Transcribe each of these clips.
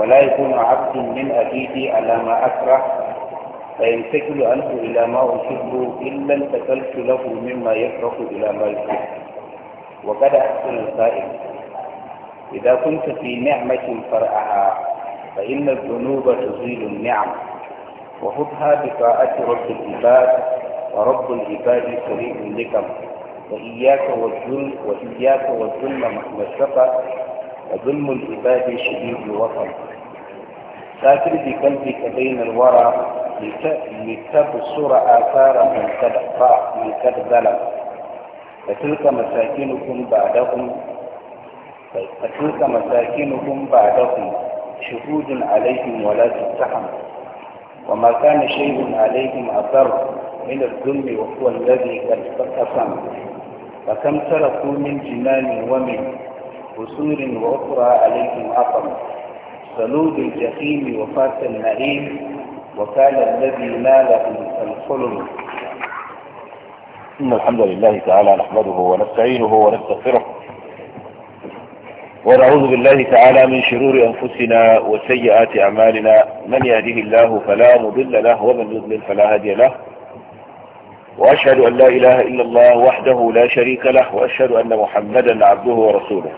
ولا يكون عبد من أبيدي على ما أكره فينتقل عنه إلى ما أحبه إلا انتقلت له مما يكره إلى ما يحبه وقد أحسن القائل إذا كنت في نعمة فرعها فإن الذنوب تزيل النعم وخذها بطاعة رب العباد ورب العباد سريع لكم وإياك والظلم وإياك والظلم مهما سقط وظلم العباد شديد الوطن ساكر بقلبك بين الورى لتبصر آثار من قد لقد ظلم فتلك مساكنكم بعدهم فتلك مساكنكم بعدهم شهود عليهم ولا تتحم وما كان شيء عليهم أثر من الظلم وهو الذي قد قسم فكم تركوا من جنان ومن قصور وأخرى عليهم أقم ثلوب الجحيم وفات النعيم وكان الذي ناله الخلد إن الحمد لله تعالى نحمده ونستعينه ونستغفره ونعوذ بالله تعالى من شرور أنفسنا وسيئات أعمالنا من يهده الله فلا مضل له ومن يضلل فلا هادي له وأشهد أن لا إله إلا الله وحده لا شريك له وأشهد أن محمدا عبده ورسوله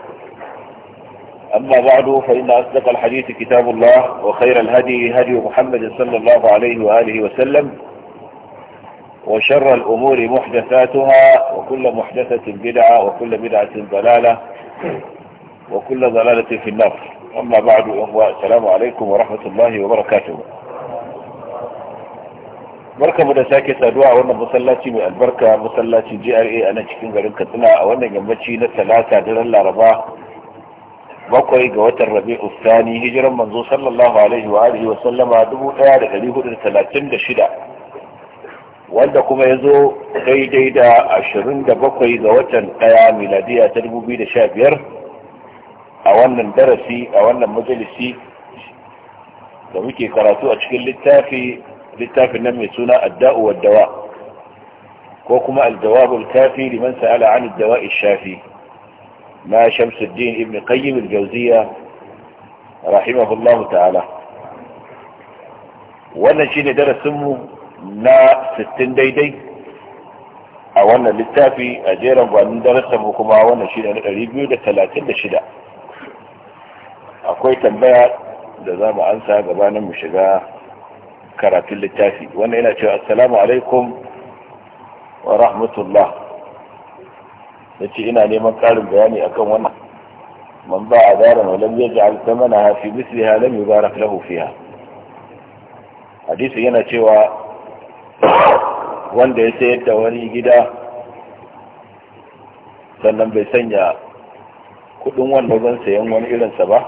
أما بعد فإن أصدق الحديث كتاب الله وخير الهدي هدي محمد صلى الله عليه وآله وسلم وشر الأمور محدثاتها وكل محدثة بدعة وكل بدعة ضلالة وكل ضلالة في النار أما بعد السلام عليكم ورحمة الله وبركاته barkamu da sake وانا مسلاتي من البركة مسلاتي جي ار اي انا nan cikin كتنا وانا a نسلاتا yammaci na talata bakwai ga watan rabi'u thani hijiran manzo sallallahu alaihi wa alihi wa sallama shida, wanda kuma ya yazo daidai da ashirin da bakwai ga watan 1 miladiya ta dubu biyu da sha biyar, a wannan darasi a wannan majalisi da muke karatu a cikin littafi littafin nan mai suna adda'u wad dawa ko kuma al-jawabul kafi liman sa'ala 'an ad-dawa'i shafi na shamsuddin ibn qayyim al-jawziya rahimahullahu ta'ala wannan shine darasin na 60 daidai a wannan littafi a jerin gwanin darasinmu kuma wannan shine na 236 akwai tambaya da za mu ansa gabanin mu shiga karatun littafi wannan yana cewa assalamu alaikum wa rahmatullah ya ce ina neman karin bayani akan wannan man ba a zara zaran wa hafi yaj'al thamanaha fi misliha ba yubarak lahu fiha hadisi yana cewa wanda ya sayar da wani gida sannan bai sanya kudin wanda zan sayan wani irinsa ba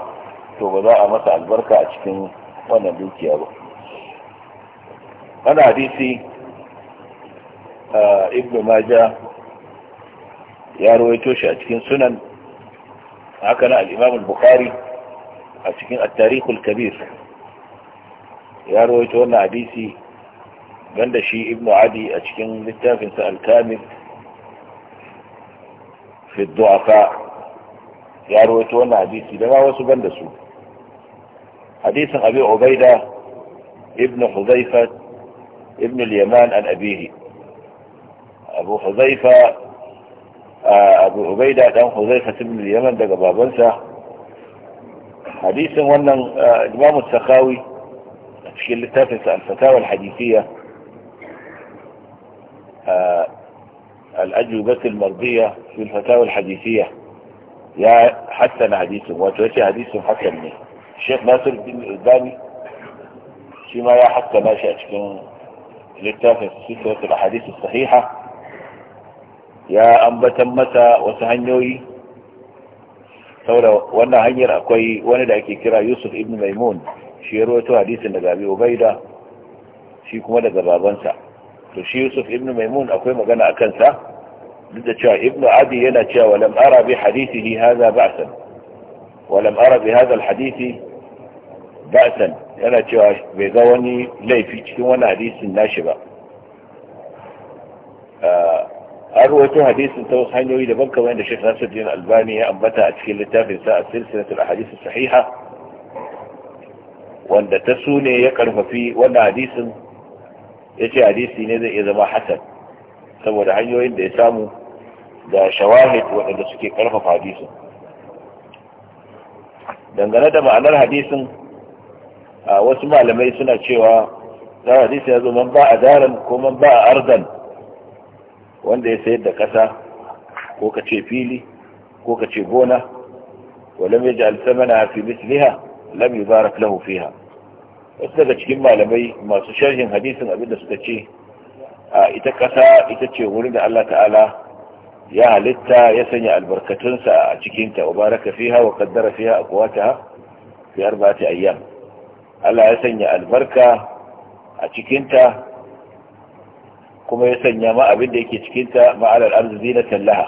to ba za a masa albarka a cikin wannan dukiya ba wani hadisi ah, ibn majah ya ruwaito shi a cikin sunan haka na al-imam al-bukhari a cikin at-tarikh al-kabir ya ruwaito wannan hadisi banda shi ibnu adi a cikin littafin sa al-kamil fi ad-du'afa ya ruwaito wannan hadisi da ma wasu banda su hadisin abi ubaida ibnu hudhaifa ibnu al-yaman an abihi abu hudhaifa abu ubaida dan huzaifa ibn yaman daga babansa hadisin wannan imamu sakawi a cikin littafin sa al-fatawa al-hadithiyya al-ajubah al-mardiyya fi al-fatawa al-hadithiyya ya hassana hadisin wato yace hadisin hasan ne Sheikh Nasir bin Albani shi ma ya hassana shi a cikin littafin sifatu al-hadith as-sahiha ya ambatan masa wasu hanyoyi saboda wannan hanyar akwai wani da ake kira yusuf ibn maimun shi ya rawaito hadisin daga abu ubaida shi kuma daga babansa to shi yusuf ibn maimun akwai magana a kansa duk da cewa ibn abi yana cewa walam ara bi hadithihi hadha ba'san walam ara bi hadha ba'san yana cewa bai ga wani laifi cikin wannan hadisin nashi ba an rawaito hadisin ta wasu hanyoyi daban kamar yadda Sheikh Nasiruddin Albani ya ambata a cikin littafin sa Silsilatul Ahadith Sahiha wanda ta sune ya karfafi wannan hadisin yace hadisi ne zai iya zama hasan saboda hanyoyin da ya samu da shawahid waɗanda suke karfafa hadisin dangane da ma'anar hadisin wasu malamai suna cewa za hadisi ya zo man ba a daren ko man ba a ardan wanda ya sayar da ƙasa ko ka ce fili ko ka ce gona walam ya ja'al na fi misliha lam yubarak lahu fiha wasu daga cikin malamai masu sharhin hadisin abinda suka ce a ita ƙasa ita ce wurin da Allah ta'ala ya halitta ya sanya albarkatunsa a cikinta wa baraka fiha wa qaddara fiha aqwataha fi arba'ati ayyam Allah ya sanya albarka a cikinta kuma ya sanya ma abin da yake cikinta ma'alar arziki na tallaha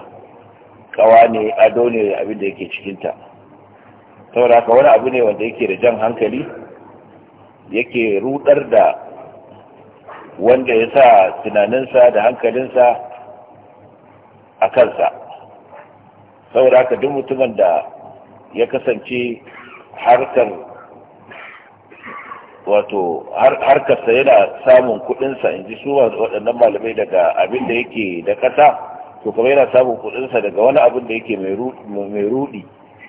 kawa ne ado ne abin da yake cikinta saboda ka wani abu ne wanda yake da jan hankali yake rudar da wanda ya sa tunaninsa da hankalinsa a kansa saboda ka duk mutumin da ya kasance harkar wato harkarsa yana samun kuɗinsa in ji su waɗannan malamai daga abin da yake da ƙasa to kuma yana samun kuɗinsa daga wani abin da yake mai rudi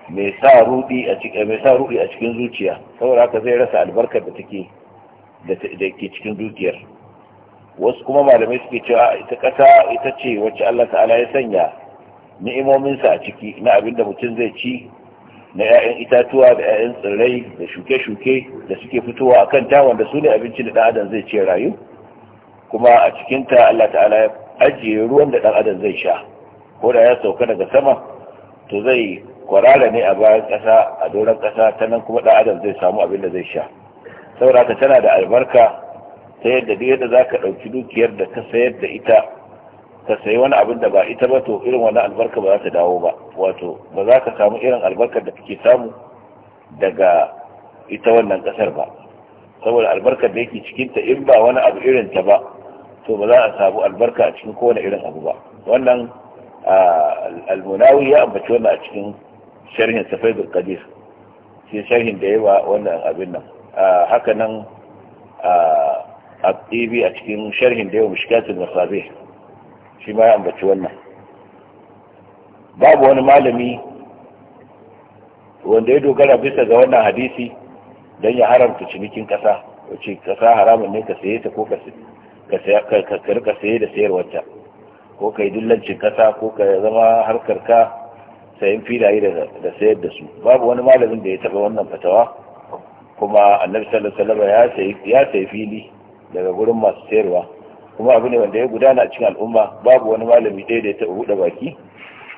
mai sa rudi a cikin zuciya saboda haka zai rasa albarkar da take da ke cikin dukiyar wasu kuma malamai suke cewa ita ƙasa ita ce wacce Allah ta'ala ya sanya ni'imominsa a ciki na abin da mutum zai ci na 'ya'yan itatuwa da 'ya'yan tsirrai da shuke-shuke da suke fitowa a kan ta wanda su ne abinci da ɗan adam zai ce rayu kuma a cikinta Allah ta'ala ya ajiye ruwan da ɗan adam zai sha ko da ya sauka daga sama to zai kwarara ne a bayan ƙasa a doron ƙasa ta nan kuma ɗan zai samu abin da zai sha saboda tana da albarka ta yadda duk yadda za ka ɗauki dukiyar da ka sayar da ita ka sayi wani abin da ba ita ba to irin wani albarka ba za ta dawo ba wato ba za ka samu irin albarkar da kake samu daga ita wannan kasar ba saboda albarkar da yake cikinta in ba wani abu irin ta ba to ba za a samu albarka a cikin kowane irin abu ba wannan almunawi ya ambaci wannan a cikin sharhin safaidul qadir sai sharhin da yawa wannan abin nan haka nan a a cikin sharhin da yawa mishkatul masabih shi ma ya ambaci wannan babu wani malami wanda ya dogara bisa ga wannan hadisi don ya haramta cinikin kasa wace kasa haramun ne ka saye ta ko ka rika saye da sayarwarta ko ka yi dillancin kasa ko ka zama harkar ka sayan filaye da sayar da su babu wani malamin da ya taba wannan fatawa kuma annabi sallallahu alaihi wasallam ya sayi fili daga gurin masu sayarwa kuma abu ne wanda ya gudana a cikin al'umma babu wani malami ɗaya da ya taɓa buɗe baki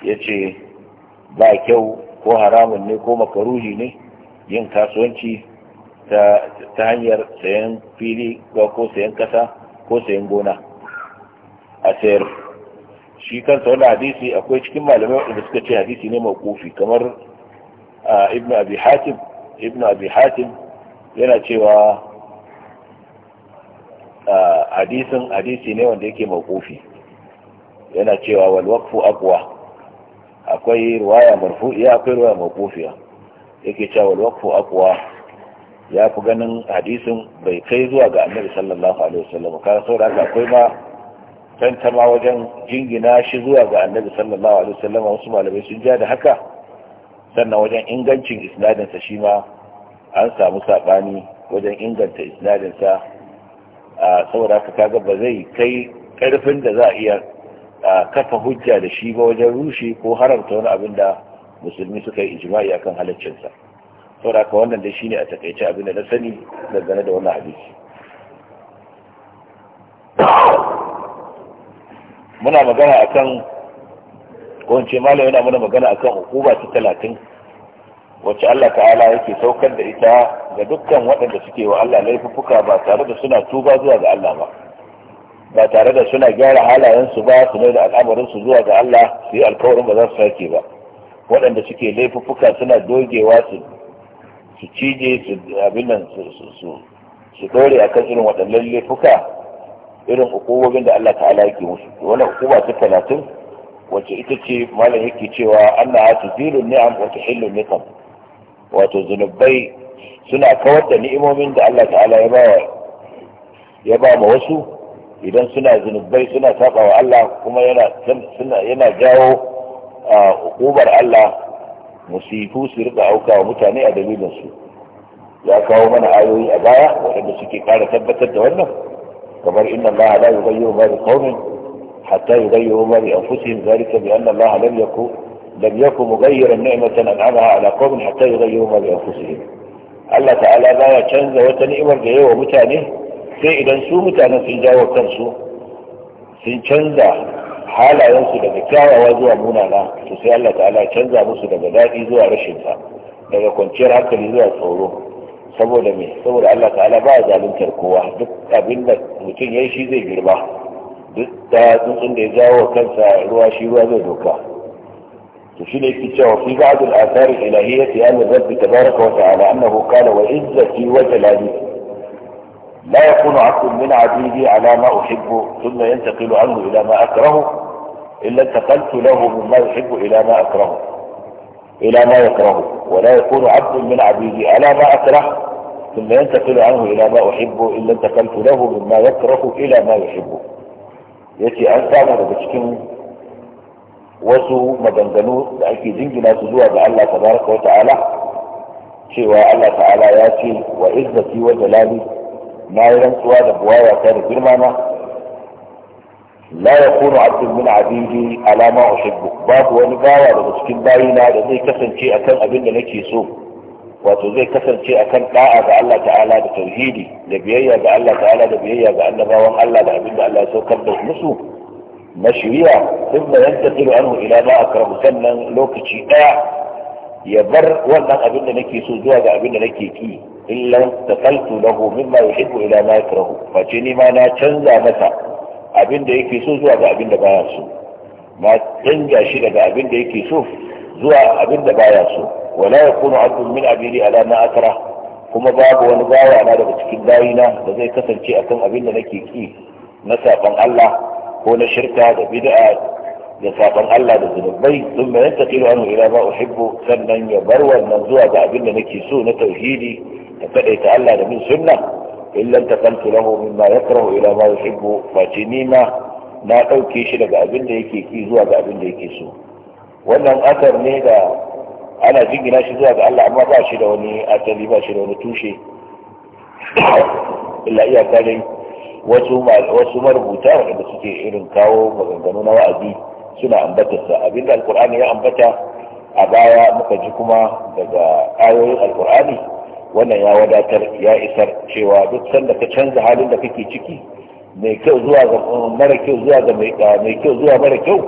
ya ce ba kyau ko haramun ne ko makaruhi ne yin kasuwanci ta hanyar sayan fili ko sayan kasa ko sayan gona a sayar shi kansa wani hadisi akwai cikin malamai waɗanda suka ce hadisi ne kofi kamar ibnu abi hatim ibnu abi hatim yana cewa hadisin hadisi ne wanda yake mawqufi yana cewa wal waqfu aqwa akwai riwaya ya akwai riwaya mawqufiya yake cewa wal waqfu aqwa ya fi ganin hadisin bai kai zuwa ga annabi sallallahu alaihi wasallam ka saboda haka akwai ma tantama wajen jingina shi zuwa ga annabi sallallahu alaihi wasallam wasu malamai sun ja da haka sannan wajen ingancin isnadinsa shi ma an samu saɓani wajen inganta isnadinsa saboda haka kaga ba zai kai karfin da za a iya kafa hujja da shi ba wajen rushe ko haramta wani abin da musulmi suka yi ijma'i akan halaccinsa saboda haka wannan dai shine a takaice abin da na sani dangane da wannan hadisi muna magana akan ko in malam yana muna magana akan hukuma ta talatin wacce Allah ta'ala yake saukar da ita ga dukkan waɗanda suke wa Allah laifuka ba tare da suna tuba zuwa ga Allah ba ba tare da suna gyara halayensu ba su mai da al'amarinsu zuwa ga Allah su yi alkawarin ba za su sake ba waɗanda suke laifuka suna dogewa su su cije su abin nan su su dore a kan irin waɗannan laifuka irin hukubobin da Allah ta'ala yake musu wani hukuma ta talatin wacce ita ce malam yake cewa Allah ya tuzilu ni'am wa tuhillu niqam wato zunubai suna kawar da ni'imomin da Allah ta'ala ya ba ya ba ma wasu idan suna zunubai suna saba wa Allah kuma yana suna yana jawo hukumar Allah musifu su rika auka wa mutane a dalilin su ya kawo mana ayoyi a baya waɗanda suke ƙara tabbatar da wannan kamar inna Allah la yughayyiru ma biqaumin hatta yughayyiru ma bi anfusihim zalika bi anna Allah lam yakun لم يكن مغيرا نعمة أنعمها على قوم حتى يغيروها بأنفسهم Allah ta'ala baya canza wata ni'imar da yawa mutane sai idan su mutanen sun jawo kansu sun canza halayensu daga kyawawa zuwa munana to sai Allah ta'ala canza musu daga daɗi zuwa rashin daga kwanciyar hankali zuwa tsoro saboda me saboda Allah ta'ala baya zaluntar kowa duk abin mutum yayi shi zai girba duk da tsuntsun ya jawo kansa ruwa shi ruwa zai doka وشين الاتجاه في بعض الآثار الإلهية قال الرب تبارك وتعالى أنه قال وعزتي وجلالي لا يكون عبد من عبيدي على ما أحبه ثم ينتقل عنه إلى ما أكرهه إلا انتقلت له مما يحب إلى ما أكرهه إلى ما يكرهه ولا يكون عبد من عبيدي على ما أكرهه ثم ينتقل عنه إلى ما أحبه إلا انتقلت له مما يكرهه إلى ما يحبه يأتي أن تعمل بشكل wasu maganganu da ake jingina su zuwa ga Allah tabaraka wa ta'ala cewa Allah ta'ala ya ce wa izzati wa jalali na yi rantsuwa da buwaya ta da girma na la yakunu abdun min abidi ala ma uhibbu babu wani bawa daga cikin bayina da zai kasance akan abin da nake so wato zai kasance akan da'a ga Allah ta'ala da tauhidi da biyayya ga Allah ta'ala da biyayya ga annabawan Allah da abin da Allah ya saukar da musu na shirya sun da yanta tsiru anu ila ma akrahu sannan lokaci daya ya bar wannan abin da nake so zuwa ga abin da nake ki illa takaltu lahu mimma yuhibbu ila ma yakrahu face ni ma na canza masa abin da yake so zuwa ga abin da baya so ma canja shi daga abin da yake so zuwa abin da baya so wala yakunu abdun min abidi ala ma akrah kuma babu wani bawa na daga cikin bayina da zai kasance akan abin da nake ki na saban Allah ko na shirka da bid'a da saban Allah da zunubai sun mai yantaqilu anhu ila ma uhibbu sannan ya bar wannan zuwa ga abin da nake so na tauhidi da kadaita Allah da min sunna illa taqaltu lahu mimma yakrahu ila ma yuhibbu fa tinima na dauke shi daga abin da yake ki zuwa ga abin da yake so wannan asar ne da ana jingina shi zuwa ga Allah amma ba shi da wani asali ba shi da wani tushe illa wasu marubuta wanda suke irin kawo maganganu na wa'azi suna ambatarsa abinda alkur'ani ya ambata a baya muka ji kuma daga ayoyin alkur'ani wannan ya wadatar ya isar cewa duk sanda ka canza halin da kake ciki mai kyau zuwa ga mara kyau zuwa ga ah, mai kyau zuwa mara kyau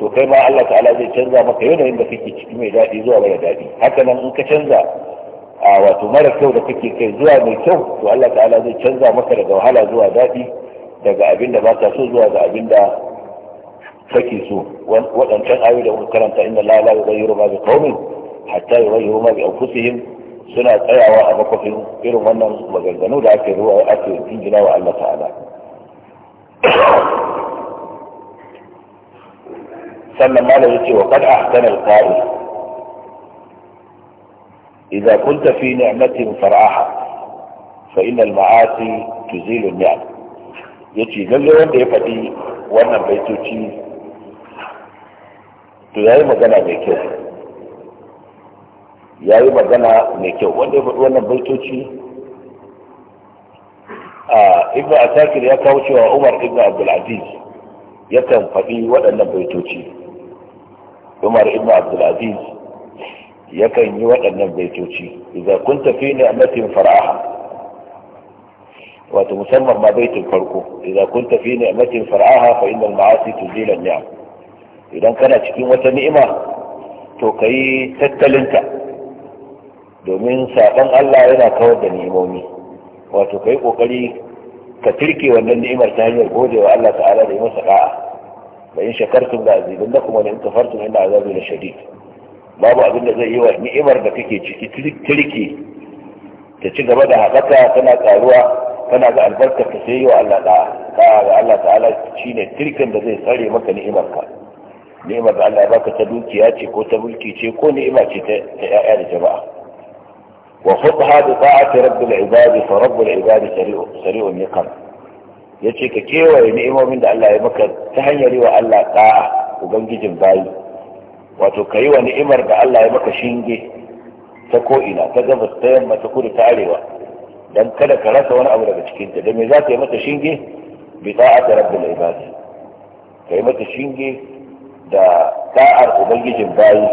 to kai ma Allah ta'ala zai canza maka yanayin da kake ciki mai daɗi zuwa mara daɗi haka nan in ka canza a wato mara kyau da kake kai zuwa mai kyau to Allah ta'ala zai canza maka daga wahala zuwa daɗi daga abin da baka so zuwa ga abin da kake so waɗancan ayoyi da karanta inna la la yughayyiru ma bi qaumin hatta yughayyiru ma bi anfusihim suna tsayawa a makwafin irin wannan maganganu da ake ruwa ake jingina wa Allah ta'ala sannan malam yace wa qad ahsana al-qa'il إذا كنت في نعمة فرعها فإن المعاصي تزيل النعم يتي للي وانت يفدي وانا بيتوتي تلاقي مجانا ميكيو yayi magana mai kyau ya faɗi wannan baitoci a ibn asakir ya kawo cewa umar ibn abdulaziz yakan faɗi waɗannan baitoci umar ibn abdulaziz yakan yi waɗannan baitoci tafi kunta a ni'matin far'aha wato musamman ma baitin farko idza kunta fi ni'matin far'aha fa innal ma'asi tuzila ni'am idan kana cikin wata ni'ima to ka yi tattalinta domin saban Allah yana kawar da ni'imomi wato ka yi ƙoƙari ka turke wannan ni'imar ta hanyar gode wa Allah ta'ala da yi masa da'a la in shakartum la azidannakum kuma la in kafartum inna azabi lashadid babu abin da zai yi wa ni'imar da kake ciki tirki ta ci gaba da haɓaka tana ƙaruwa tana ga albarka ta sai yi wa Allah da ta ga Allah ta'ala shi ne tirkin da zai tsare maka ni'imarka ni'imar da Allah ya baka ta dukiya ce ko ta mulki ce ko ni'ima ce ta ƴaƴa da jama'a wa khudha bi ta'ati rabbil ibad fa rabbul ibad sari'un yaqan yace ka kewaye ni'imomin da Allah ya maka ta hanyar yi wa Allah da'a ubangijin bayi wato ka yi wa ni'imar da Allah ya maka shinge ta ko'ina ta gabas ta yamma ta kudu ta arewa don kada ka rasa wani abu daga cikinta da me za ka yi mata shinge bi ta'ata rabbul ibadi ka yi mata shinge da ta'ar ubangijin bayi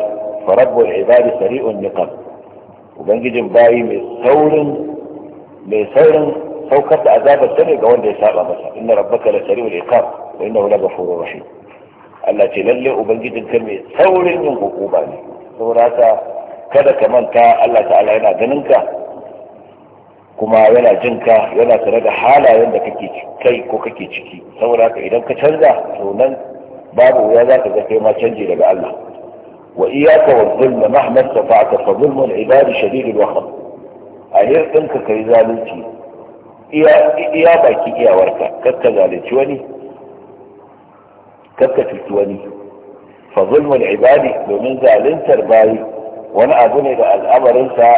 fa rabbul ibadi sari'un niqam ubangijin bayi mai saurin mai saurin saukar da azabar ta ne ga wanda ya saba masa inna rabbaka la sari'ul iqab wa innahu la ghafurur rahim Allah ce lalle ubangijin ka mai saurin yin hukuma ne saurata kada ka manta Allah ta'ala yana ganin ka kuma yana jin ka yana tare da halayen da kake kai ko kake ciki saurata idan ka canza to nan babu wuya za ka ga kai ma canji daga Allah wa iyyaka wa zulma mahma tafa'aka fa zulmul ibadi shadidul wakham a ka yi zalunci iya baki iyawarka kakka zalunci wani كبكة التواني فظلم العباد بمنزع الانتر باي وانا اظن الى الامر انسى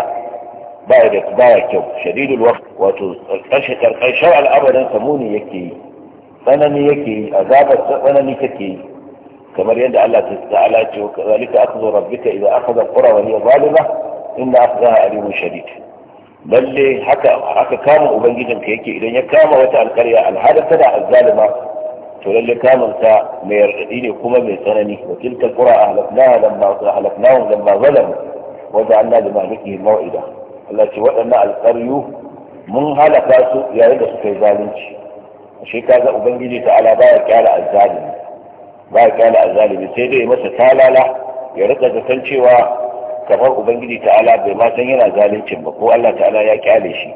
باي باي كو شديد الوقت وتشهد القي شرع الامر انسى موني يكي انا نيكي اذاب انا نيكي كما يند الله تعالى وكذلك اخذ ربك اذا اخذ القرى وهي ظالمة ان اخذها اليم شديد بل حكى حكى كامو ابنجيجا كيكي اذا يكامو وتعالى القرية الهدف تدع الظالمة to lalle ta mai yarɗaɗi ne kuma mai tsanani wa tilka qura ahlaknaha lamma ahlaknahum lamma zalamu wa ja'alna li malikihim maw'ida Allah ce waɗannan alƙaryu mun halaka su yayin da suka yi zalunci shi kaga ubangiji ta'ala baya kyala azzalimi baya kyala azzalimi sai dai masa talala ya rika zaton cewa kamar ubangiji ta'ala bai ma san yana zaluncin ba ko Allah ta'ala ya kyale shi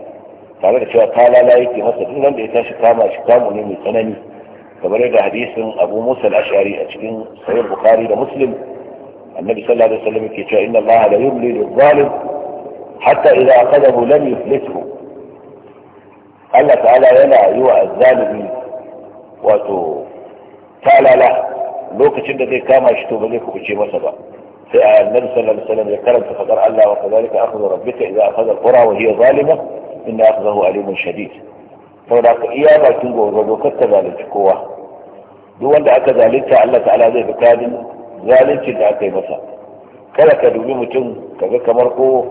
tare da cewa talala yake masa duk wanda ya tashi kama shi kamu ne mai tsanani كما هذا حديث أبو موسى الأشعري أشكين صحيح البخاري لمسلم النبي صلى الله عليه وسلم كي إن الله لا يبلي للظالم حتى إذا أخذه لم يفلته قال تعالى يلا أيها الظالم وتو قال لا لو كتشد ذي كام أشتوب ذيك وكتشي مصبا آية النبي صلى الله عليه وسلم يكرم فقدر الله وكذلك أخذ ربك إذا أخذ القرى وهي ظالمة إن أخذه أليم شديد saboda ka iya bakin zo kar ka zalunci kowa duk wanda aka zalunta Allah ta'ala zai fi kadin zaluncin da aka yi masa kada ka dubi mutum ka ga kamar ko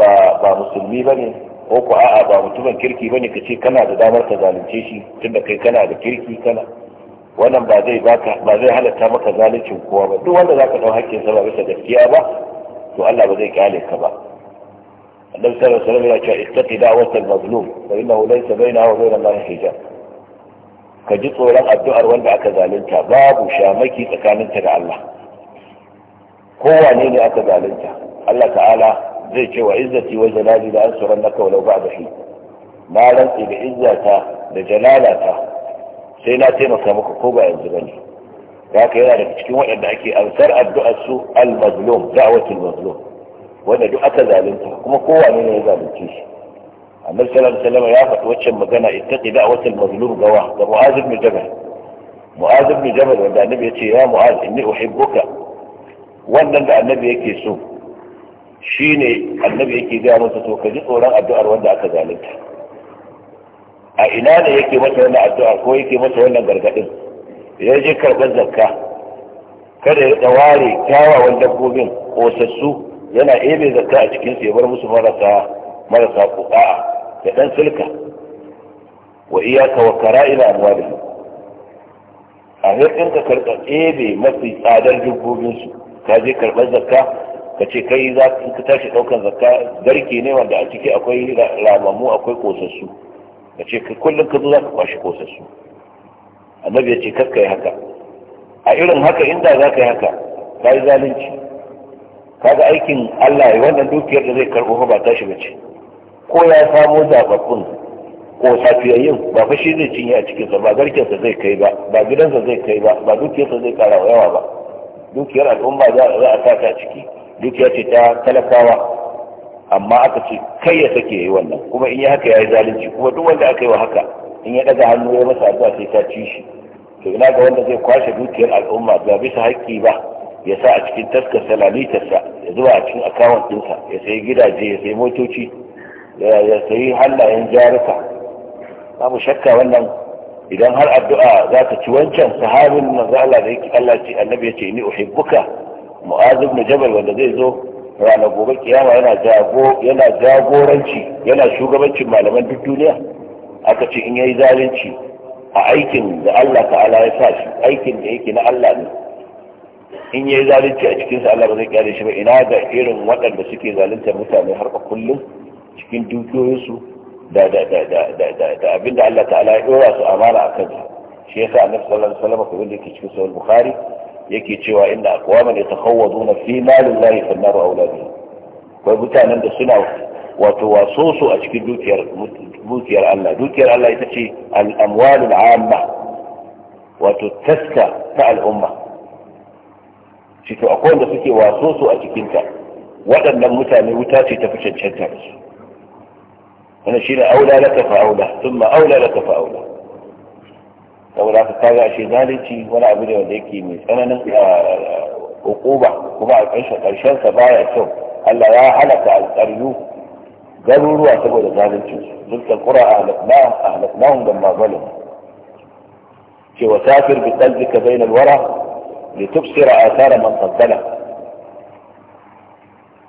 ba ba musulmi bane ko ko a'a ba mutumin kirki bane ka ce kana da damar ka zalunce shi tunda kai kana da kirki kana wannan ba zai baka ba zai halatta maka zaluncin kowa ba duk wanda zaka dau hakkin sa ba bisa gaskiya ba to Allah ba zai kyale ka ba النبي صلى الله عليه وسلم يقول اتق دعوة المظلوم فإنه ليس بينها وبين الله حجاب ka ji tsoron addu'ar wanda aka zalunta babu shamaki tsakaninta da Allah kowane ne aka zalunta Allah ta'ala zai ce wa izzati wa jalali an tsoron naka walau ba da shi na rantsi da izzata da jalalata sai na taimaka maka ko ba yanzu ba ne haka yana daga cikin waɗanda ake ansar addu'ar su al-mazlum da'watul mazlum wanda duk aka zalunta kuma kowane ne ya zalunce shi annabi sallallahu alaihi ya faɗi waccan magana ittaqi da'watal mazlum gawa ga mu'az ibn jabal mu'az ibn jabal wanda annabi yace ya mu'az inni uhibbuka wannan da annabi yake so shine annabi yake ga masa to ka ji tsoron addu'ar wanda aka zalunta a ina ne yake masa wannan addu'a ko yake masa wannan gargadin ya je karɓar zakka kada ya ɗaware kyawawan dabbobin ƙosassu. yana ebe zakka a cikin ya bar musu marasa marasa ku'a da dan silka wa iyaka wa kara'ila su. a hirkin ka karɓa ebe mafi tsadar dabbobinsu ka je karɓar zakka ka ce kai za ka tashi ɗaukar zakka garke ne wanda a ciki akwai ramamu akwai kosassu ka ce kullum ka zo za ka kwashi kosassu annabi ya ce kakka yi haka a irin haka inda za ka yi haka ka yi zalunci kaga aikin Allah ya wannan dukiyar da zai karbo ba ta tashi bace ko ya samu zababbun ko ba fa shi zai cinye a cikin sa ba sa zai kai ba ba gidansa zai kai ba ba dukiyarsa zai kara wa yawa ba dukiyar al'umma za a sa ta ciki dukiya ce ta talakawa amma aka ce kai ya sake yayi wannan kuma in yi haka ya zalunci kuma duk wanda aka yi wa haka in ya daga hannu ya masa addu'a sai ta ci shi to ina ga wanda zai kwashe dukiyar al'umma ba bisa haƙƙi ba ya sa a cikin taskar salamitarsa ya zuba a cikin akawun ɗinsa ya sayi gidaje ya sayi motoci ya sayi hannayen jaruka babu shakka wannan idan har addu'a za ta ci wancan sahabin manzo Allah da yake Allah ce annabi ya ce ni uhibbuka mu'az ibn jabal wanda zai zo ranar gobe kiyama yana jago yana jagoranci yana shugabancin malaman duk duniya aka ce in yayi zalunci a aikin da Allah ta'ala ya sa shi aikin da yake na Allah ne in yi zalunci a cikin Allah ba zai kyale shi ba ina ga irin waɗanda suke zaluntar mutane har a kullum cikin dukiyoyinsu da da da da da da da abinda Allah ta'ala ya dora su amana a kansu shi yasa Annabi sallallahu alaihi wasallam kamar yake cikin sahih Bukhari yake cewa inda aqwaman yatakhawwaduna fi malillahi fa an-nar awladihi mutanen da suna wato waso su a cikin dukiyar dukiyar Allah dukiyar Allah ita ce al-amwalul amma wato taska ta al'umma. shi akwai wanda suke waso su a cikinta waɗannan mutane wuta ce ta fi cancanta da su wannan shi ne aula laka fa aula sun ma aula laka fa aula saboda haka kaga ashe zalunci wani abu ne wanda yake mai tsananin hukuma kuma a ƙarshen ƙarshen sa baya kyau Allah ya halaka alƙaryu garuruwa saboda zalunci dukkan qura a ahlaknahum lamma zalamu ce wa safir bi qalbika bayna wara. لتبصر آثار من قبله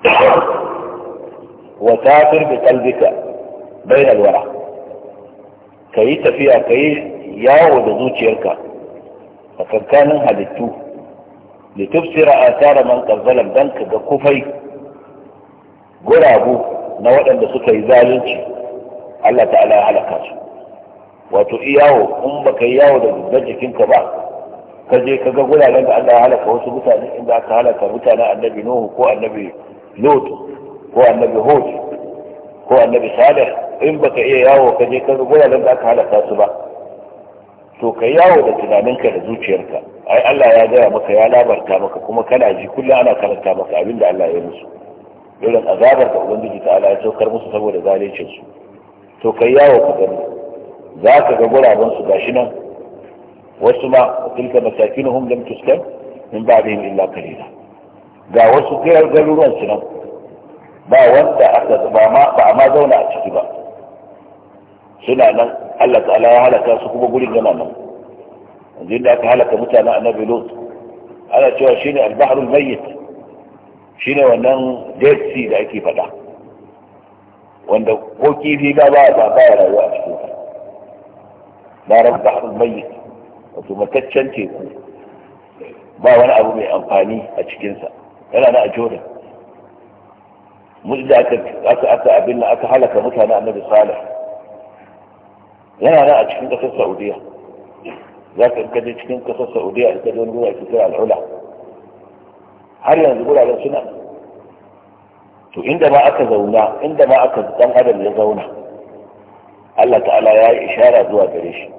وسافر بقلبك بين الورع كي تفيا كي يعود ذو تيرك فكان كان هلتو لتبصر آثار من قد ظلم دنك بكفي قول أبو نوال أن دخلت إذا الله تعالى على كاسو وتو أمك إياه ذو بجك إنك بعض ka je ka ga guraren da Allah ya halaka wasu mutane inda aka halaka mutanen annabi Nuhu ko annabi Lot ko annabi Hud ko annabi Salih in baka iya yawo ka je ka ga guraren da aka halaka su ba to ka yawo da tunaninka da zuciyarka ai Allah ya gaya maka ya labarta maka kuma kana ji kullum ana karanta maka abin da Allah ya musu irin azabar da Ubangiji ta'ala ya saukar musu saboda zalincin su to kai yawo ka gani za ka ga guraben su gashi nan wasu ma tilka masakinuhum lam tuskan min ba'dihim illa qalila ga wasu kiyar garuruwan su nan ba wanda aka ba ma ba ma zauna a ciki ba suna nan Allah ta'ala ya halaka su kuma gurin yana nan yanzu da aka halaka mutanen annabi lut ana cewa shine al-bahrul mayyit shine wannan dead sea da ake faɗa wanda ko kifi ba ba ba rayuwa a cikin sa ba rabbul bahrul mayyit wato mataccen teku ba wani abu mai amfani a cikinsa yana na a jordan mutum da aka aka abin da aka halaka mutane annabi salih yana na a cikin ƙasar saudiya za ka kaje cikin ƙasar saudiya a kaje ruwa su kira al'ula har yanzu guraren suna to inda ma aka zauna inda ma aka dan adam ya zauna Allah ta'ala ya yi ishara zuwa gare shi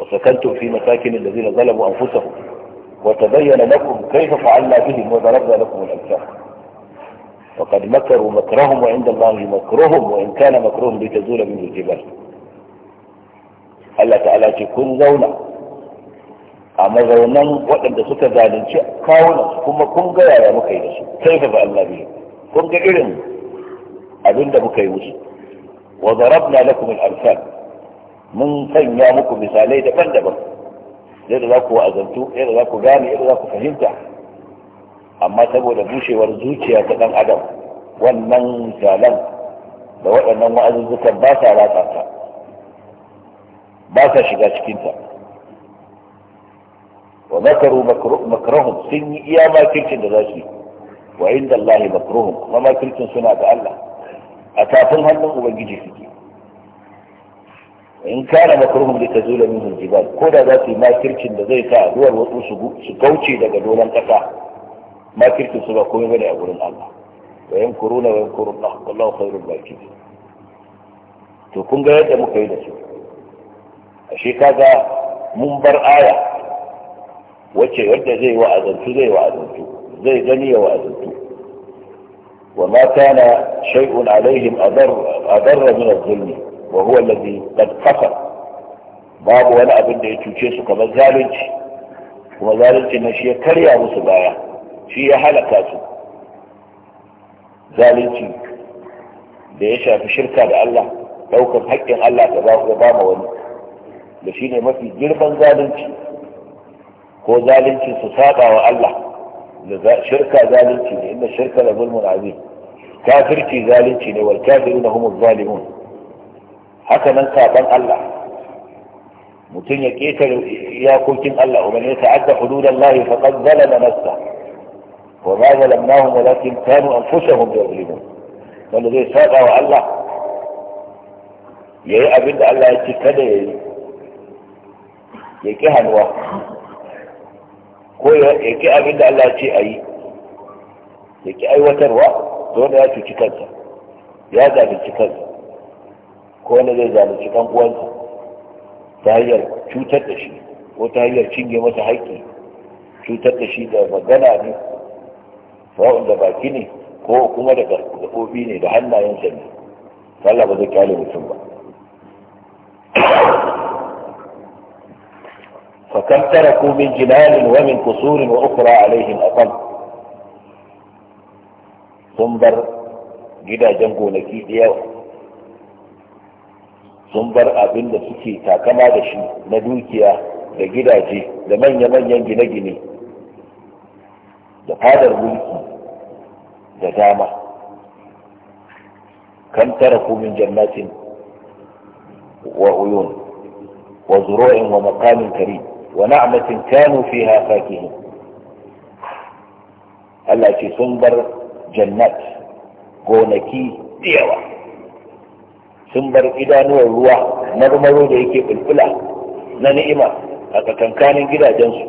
وسكنتم في مساكن الذين ظلموا أنفسهم وتبين لكم كيف فعلنا بهم وضربنا لكم الأمثال وقد مكروا مكرهم وعند الله مكرهم وإن كان مكرهم لتزول منه الجبال ألا تعالى تكون زونا أما زونا وإن دسك ذلك شيء كاونا ثم كن قيا يا مكيدس كيف فعلنا بهم كن قيرن أبن دبك يوسف وضربنا لكم الأمثال mun sanya muku misalai daban-daban yadda za ku wa'azantu yadda za ku gane yadda za ku fahimta amma saboda bushewar zuciya ta ɗan adam wannan misalan da waɗannan wa'azuzzukan ba sa ratsa ta ba sa shiga cikinta wa makaru makrahum sun yi iya makircin da za su yi wa inda Allah makruhum kuma makircin suna ga Allah a tafin hannun ubangiji suke in kana makruhum li tazula minhu al-jibal ko da za su yi makircin da zai sa duwar wasu su kauce daga dolan kasa makircin su ba komai bane a gurin Allah wa yankuruna wa yankuru Allah wallahu khairul makirin to kun ga yadda muka yi da su ashe kaga mun bar aya wacce wadda zai wa'azantu zai wa'azantu zai gani ya wa'azantu wa ma kana shay'un alaihim adar adar min az-zulmi wa huwa allazi babu wani abin da ya cuce su kamar zalunci kuma zalunci na shi ya karya musu baya shi ya halaka su zalunci da ya shafi shirka da Allah daukar haƙƙin Allah da ba wani da shi ne mafi girman zalunci ko zalunci su saba wa Allah shirka zalunci ne inda shirka da kafirci zalunci ne wal na humuz zalumin. haka nan saban Allah mutum ya ketare iyakokin Allah wa man yata'adda hududallahi faqad zalama nafsa wa ma zalamnahum walakin kanu anfusahum yadhlimun wanda zai saba wa Allah yayi abin da Allah ya ce kada ya yi ya ki hannuwa ko ya ki abin da Allah ya ce a yi ya ki aiwatarwa to wanda ya cuci kansa ya zalunci kansa ko wani zai zalunci kan uwansa ta hanyar cutar da shi ko ta hanyar cinye masa haƙƙi cutar da shi da magana ne sawa'un da baki ne ko kuma da gaɓoɓi ne da hannayensa ne Allah ba zai kyale mutum ba فكم تركوا من جنان ومن قصور واخرى alaihin اقل sun bar gidajen gonaki ɗaya. sun bar abin da suke takama da shi na dukiya da gidaje da manya-manyan gine-gine da fadar mulki da dama kan tara kumin jannatin wa uyun wa zuro'in wa makamin kari wa na'amatin kanu fi fakihin Allah ce sun bar jannat gonaki da yawa sun bar idanuwar ruwa marmaro da yake bulbula na ni'ima a tsakankanin gidajensu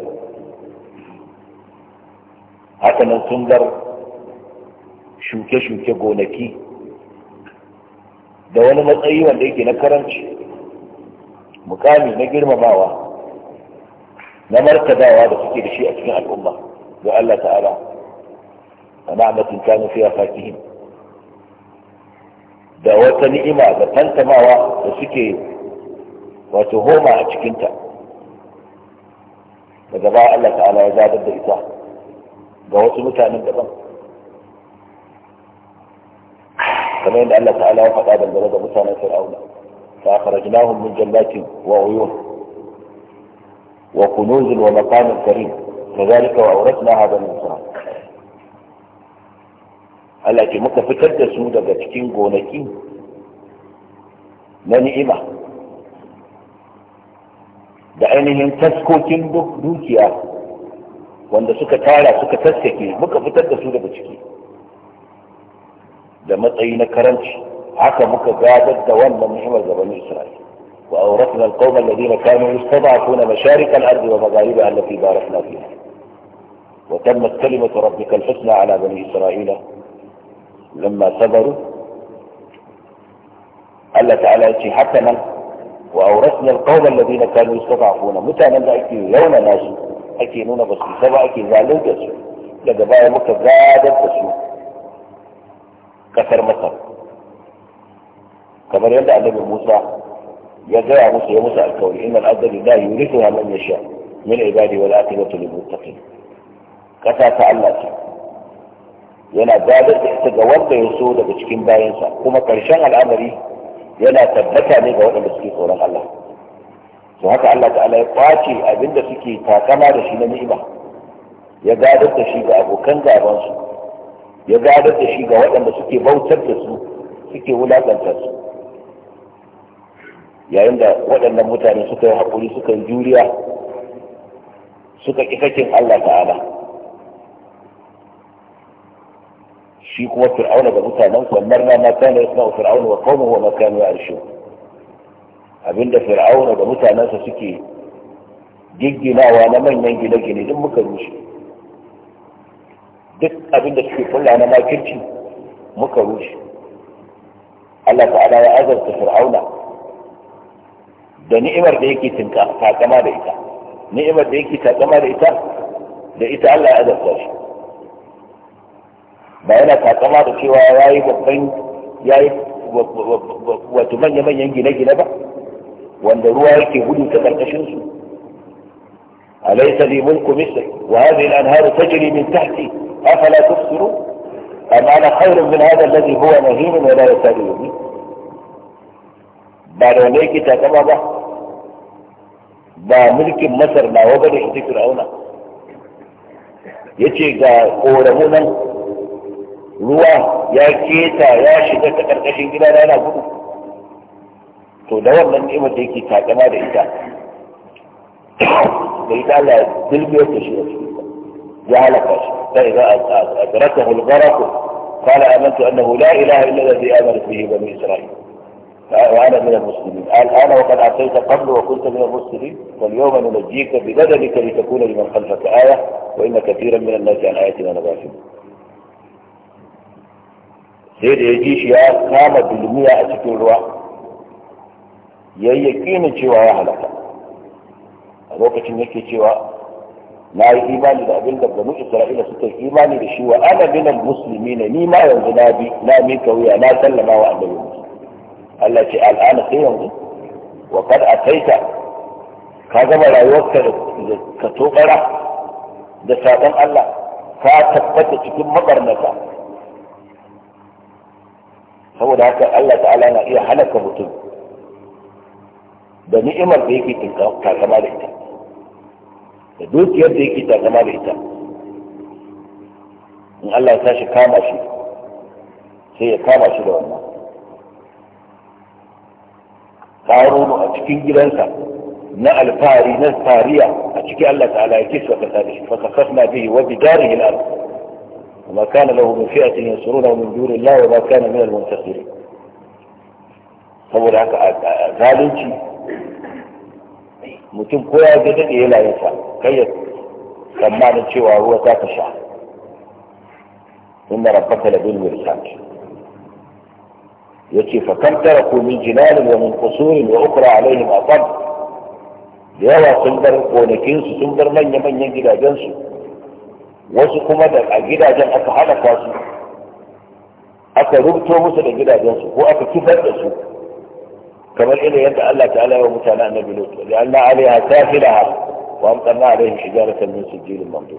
hakanan sun bar shuke-shuke gonaki da wani matsayi wanda yake na karanci mukami na girmamawa na markazawa da suke da shi a cikin al'umma ga Allah ta'ala a na'amatin kanu fiya fakihin da wata ni'ima da tantamawa da suke wato homa a cikinta daga ba Allah ta'ala ya zabar da ita ga wasu mutanen daban kamar yadda Allah ta'ala ya faɗa dangane da mutanen fir'auna fa kharajnahum min jannatin wa uyun wa kunuzin wa maqamin karim wa كذلك hadha بني إسرائيل Allah ke muka fitar da su daga cikin gonaki na ni'ima da ainihin taskokin dukiya wanda suka tara suka taskake muka fitar da su daga ciki da matsayi na karanci haka muka gadar da wannan ni'imar bani Isra'ila wa awratna alqawm alladhina kanu yastad'afuna masharik al-ardi wa magharibaha allati barakna fiha wa tammat kalimatu rabbika al-husna ala bani Isra'ila لما صبروا قال تعالى اتي حتى من واورثنا القوم الذين كانوا يستضعفون متى من ذاك يوم ناس اكينونا بس سبع اكين ذلك اسوء لقد بقى مكه زادت اسوء كثر مصر كما يلد عدم موسى يدعى موسى يا موسى الكون ان الارض لله يورثها من يشاء من عبادي ولا والاخره للمتقين كثر تعالى yana gadar da ita ga wanda ya so daga cikin bayansa kuma karshen al'amari yana tabbata ne ga waɗanda suke tsoron Allah to haka Allah ta'ala ya kwace abinda suke takama da shi na ni'ima ya gadar da shi ga abokan gabansu ya gadar da shi ga waɗanda suke bautar da su suke wulaƙantar su yayin da waɗannan mutane suka yi haƙuri suka yi juriya suka ƙi Allah ta'ala shi kuma fir'auna da mutanen sannan na ma kana yasma fir'auna wa qawmuhu wa ma kanu yarshun abinda fir'auna da mutanensa suke gigginawa na manyan gine-gine duk muka rushe duk abinda suke kulla na makirci muka rushe Allah ta'ala ya azarta fir'auna da ni'imar da yake tinka takama da ita ni'imar da yake takama da ita da ita Allah ya azarta shi ba yana takama da cewa ya yi babban ya yi wato manya-manyan gine-gine ba wanda ruwa yake gudu ta ƙarƙashinsu أليس لي ملك مصر وهذه الأنهار تجري من تحتي أفلا تبصروا أم أنا خير من هذا الذي هو مهين ولا يكاد يبين بعد وليك تاكما با با ملك مصر ما هو بني حديث فرعون يجي قورمونا ruwa ya keta ya shiga ta karkashin gida na yana gudu to da wannan ni'imar da yake takama da ita da ita Allah ya dilbiyar da shi a cikin ya halaka shi ta idan a tsarata hulgaraku قال آمنت أنه لا إله إلا الذي آمنت به بني إسرائيل وأنا من المسلمين الآن وقد أعطيت قبل وكنت من المسلمين واليوم ننجيك ببدنك لتكون لمن خلفك آية وإن كثيرا من الناس عن آياتنا لغافلون sai da ya ji shi ya kama dulmiya a cikin ruwa ya yi cewa ya halaka a lokacin yake cewa na yi imani da abin da banu isra'ila suka yi imani da shi wa ana binan musulmi na ni ma yanzu na bi na mika wuya na sallama wa annabi Allah ce al'ana sai yanzu wa kad ataita ka gama rayuwarka da ka tobara da sabon Allah ka tabbata cikin mabarnata saboda haka Allah ta'ala na iya halaka mutum da ni'imar da yake takama da ita da dukiyar da yake takama da ita in Allah ya tashi kama shi sai ya kama shi da wannan ƙarunu a cikin gidansa na alfahari na fariya a cikin Allah ta'ala ya kisa ka sa da shi fa kasasna bihi wa bidarihi al-ard وما كان له من فئة ينصرونه من دون الله وما كان من المنتصرين saboda haka zalunci mutum ko ya ga daɗe yana yin sa kai ya tsammanin cewa ruwa za ka sha inna rabbaka labil mirsad yace fa kam taraku min jinanin wa min qusurin wa ukra alaihim aqab yawa sun bar gonakin su sun bar manya manyan gidajen su wasu kuma da a gidajen aka halaka su aka rubuto musu da gidajensu ko aka kifar da su kamar ina yadda Allah ta'ala ya mutane na lut da Allah alaiha safilaha wa amtarna alaihim shijaratan min sijilin mamdud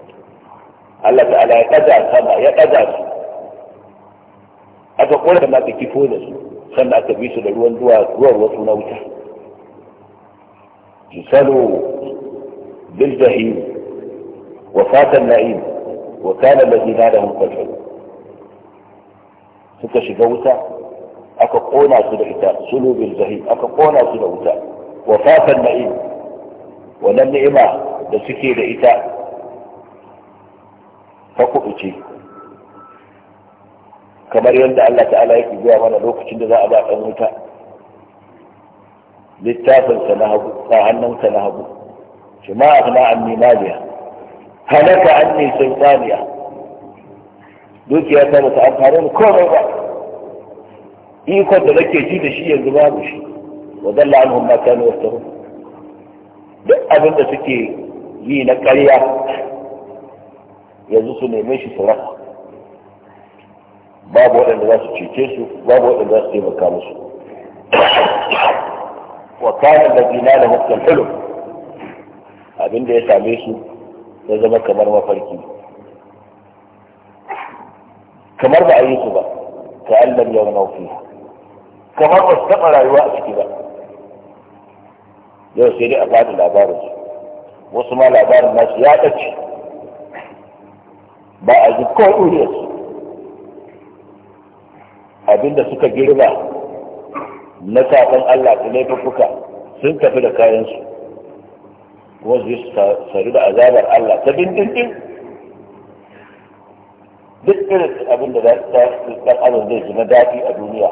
Allah ta'ala ya daga sama ya daga su aka kora da aka kifo da su sannan aka bi su da ruwan duwar wasu na wuta jisalu bil jahim wa fatan na'im wa kana lazina da hukumar suka shiga wuta aka kona su da ita sulubin zahi aka kona su da wuta wa fatan na'im wannan ni'ima da suke da ita ta kuɓuce kamar yadda Allah ta'ala yake zuwa mana lokacin da za a ba ɗan wuta littafinsa na hagu sa hannunsa na hagu shi ma a na amina halaka anni sultaniya dukiya ta bata amfani da komai ba ikon da nake ji da shi yanzu babu shi wa dalla anhum ma kanu yaftarun duk abin da suke yi na ƙarya yanzu su neme shi su rasa babu waɗanda za su cece su babu waɗanda za su taimaka musu wa kana da dina da mutum abin da ya same su ya zama kamar mafarki kamar ba a yi su ba ka allan yau na kamar ba su taɓa rayuwa a ciki ba yau sai dai a bada labarin su wasu ma labarin nasu ya ɗace ba a ji ko ɗuriyarsu abinda suka girba na saɓon Allah su laifuka sun tafi da kayansu وزيس سريد عذاب الله تبين تبين بسكرت أبن دلالتا بسكرت أبن دلالتا مداتي الدنيا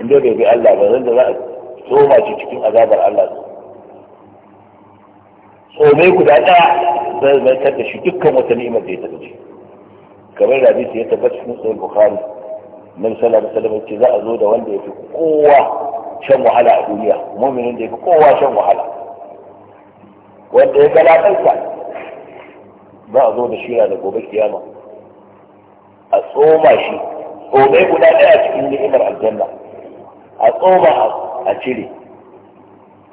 اللي بي بي الله بغن دلالتا سوما تشكين عذاب الله سوميك داتا بل ما تدشي تكا متنئمة دي تدشي كمان الحديث يتبت في نصر البخاري من صلى الله عليه وسلم اتزاء زودة وانده في قوة شمو على الدنيا مؤمن انده في قوة شمو على wanda ya galaɗanta za a zo da shi da gobe kiyama a tsoma shi tsome guda ɗaya cikin ni'imar aljanna a tsoma a cire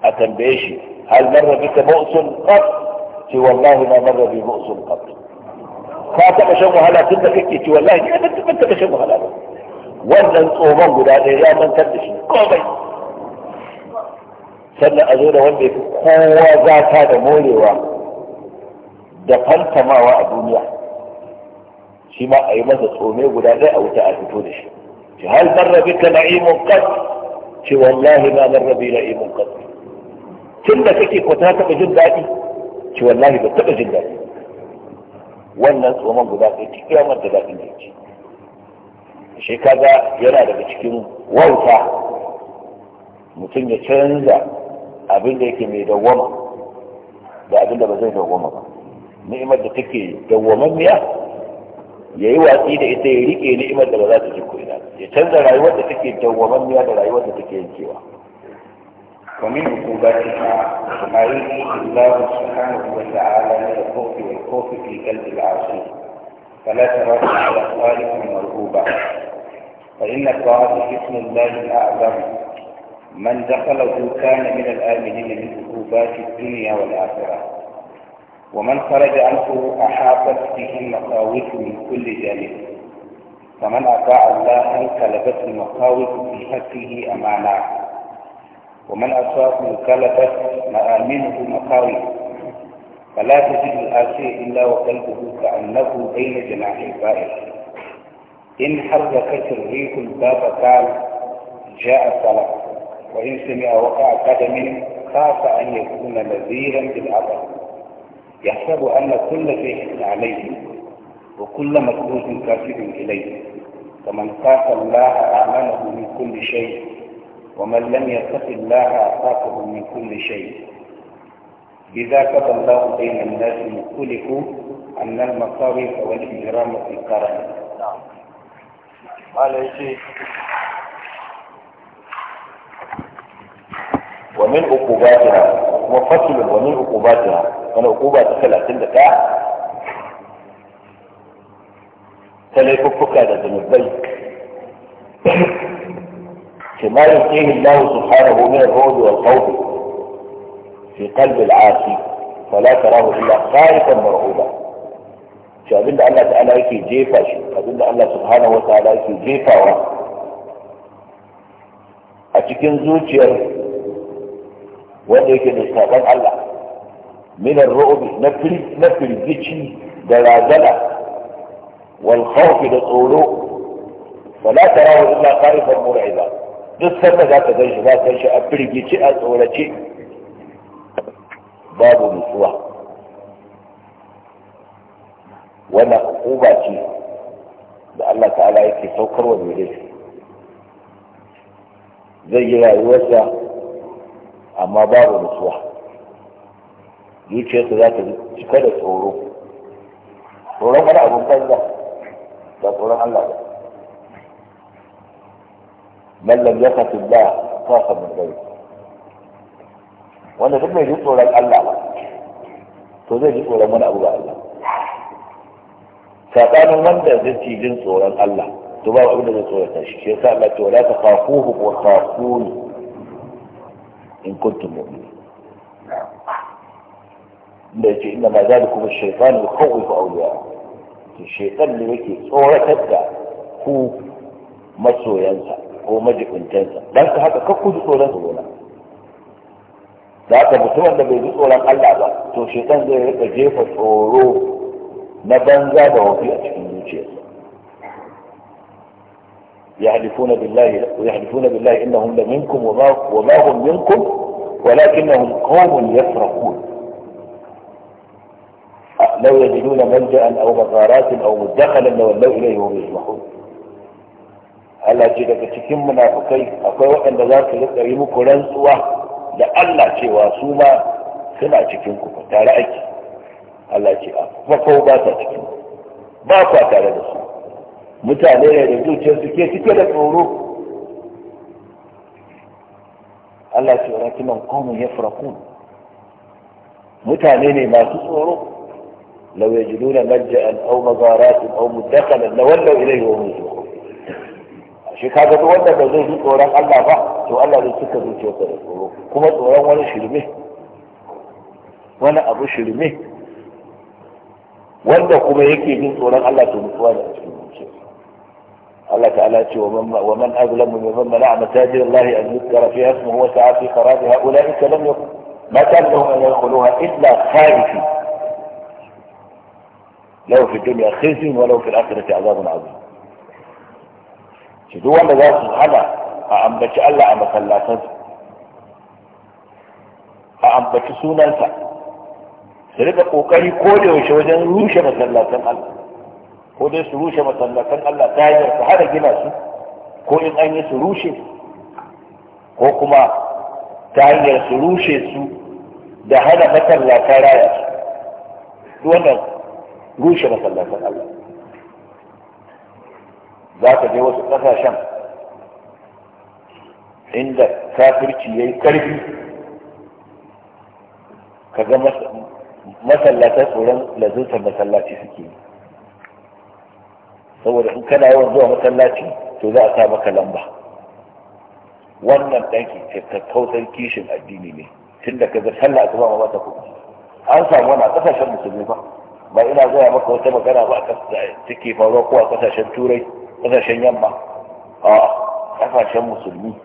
a tambaye shi hal marra bika ba'sun qat ci wallahi ma marra bi ba'sun qat ka taɓa shan wahala tun da kake ci, wallahi ni ban taɓa shan wahala ba wannan tsoman guda ɗaya ya mantar da shi komai sannan a zo da wanda ya fi kowa zata da morewa da fantamawa a duniya shi ma a yi masa tsome guda ɗaya a wuta a fito da shi ce hal marra bika na'imun qat ce wallahi na marra bi na'imun qat tun da kake kwata taɓa jin daɗi ce wallahi ba taɓa jin daɗi wannan tsoman guda ɗaya ta kiyamar da daɗin da yake shi kaga yana daga cikin wauta mutum ya canza abin da yake mai dawwama da abin da ba zai dawwama ba ni'imar da take dawwamammiya ya yi watsi da ita ya riƙe ni'imar da ba za ta ji ko ina ya canza rayuwar da take dawwamammiya da rayuwar da take yankewa ومن عقوباتها ما يلقيه الله سبحانه وتعالى من الخوف والخوف في قلب العاصي فلا تراجع على خالق مرغوبا فإن الطاعة اسم الله الأعظم من دخله كان من الآمنين من عقوبات الدنيا والآخرة ومن خرج عنه أحاطت به المخاوف من كل جانب فمن أطاع الله انقلبت المخاوف في حقه أمانا ومن أصاب انقلبت مآمنه مخاوف فلا تجد الآسي إلا وقلبه كأنه بين جناح البائع إن حركت الريح الباب قال جاء الطلب وإن سمع وقع قدم خاف أن يكون نذيرا بالعذاب يحسب أن كل شيء عليه وكل مكروه كافر إليه فمن خاف الله أعلمه من كل شيء ومن لم يخف الله أخافه من كل شيء بذا كتب الله بين الناس مختلفوا أن المصارف والإجرام في قرن. نعم. قال ومن عقوباتها وفصل ومن عقوباتها من عقوبات ثلاثين دقاء تليفك هذا ذنبي كما يلقيه الله سبحانه من الرعب والخوف في قلب العاصي فلا تراه الا خائفا مرعوبا shi الله تعالى يكي جيفا jefa الله سبحانه وتعالى يكي جيفا ta'ala yake wanda yake mai saban Allah min ar-ru'bi na firgici da razana wal khawfi da tsoro fala tarahu illa kharifan mur'iza duk sanda za ka ganshi za ka shi a firgici a tsorace babu nutsuwa wannan uba ce da Allah ta'ala yake saukarwa mai laifi zai yi rayuwarsa amma babu nutsuwa zuciyarsa za ta cika da tsoro tsoron wani abin banza ba tsoron Allah ba Mallam ya kasu Allah khafa min ghayr wanda duk mai ji tsoron Allah ba to zai ji tsoron wani abu ba Allah tsakanin wanda zai ci jin tsoron Allah to babu abin da zai tsorata shi shi sa Allah ce wa za wala takhafuhu wa khafuni إن كنتم مؤمنين نعم لكي إنما ذلكم الشيطان يخوف أولياء الشيطان اللي يكي صورة تدع هو مصر ينسى هو مجح ينسى لأنك هذا كفو صورة هنا لأنك مصر أنه بيجي صورة قلع با تو الشيطان ده يجيب صورة نبنزا به في أتكين الجيطان يحلفون بالله ويحلفون بالله انهم لمنكم وما وما هم منكم ولكنهم قوم يفرقون لو يجدون ملجا او مغارات او مدخلا لولوا اليه وهم يجمعون الا جدا كتكم منافقي اقوى ان ذاك يقري مكرن سوى لالا شيء سوما سنا تكم كفر ترى اجي الا شيء فقوا باتا تكم باتا ترى بسوما mutane ne da zuciyar su ke cike da tsoro Allah ce wa rakiman ya yafraqun mutane ne masu tsoro law yajiduna malja'a aw mazaratin aw mudakhalan lawallaw ilayhi wa hum A shi kaga duk wanda ba zai ji tsoron Allah ba to Allah zai cika zuciyarsa da tsoro kuma tsoron wani shirme wani abu shirme wanda kuma yake jin tsoron Allah to mutuwa da cikin الله تعالى ومن, ومن أظلم ممن منع مساجد الله أن يذكر فيها اسمه وسعى في خرابها أولئك لم يكن ما كان لهم أن يدخلوها إلا خائفين لو في الدنيا خزي ولو في الآخرة عذاب عظيم شدوا duk wanda za su hana a ambaci Allah أعم بك سونا ambaci sunansa su rika kokari ko da yaushe ko dai su rushe masallatan Allah ta hanyar su hada gina su ko in an yi su rushe ko kuma ta hanyar su rushe su da hana masallata raya su wannan rushe masallatan Allah za ka je wasu ƙasashen inda kafirci ya yi ƙarfi ka ga masallatan tsoron lazuntar masallaci suke yi saboda in kana yawan zuwa masallaci to za a sa maka lamba wannan ɗanki ce ta kakkausar kishin addini ne tun da ka ga sallah asuba ma ba ta kuɗi an samu wani a ƙasashen musulmi ba ba ina zuwa maka wata magana ba a take faruwa ko a ƙasashen turai ƙasashen yamma a ƙasashen musulmi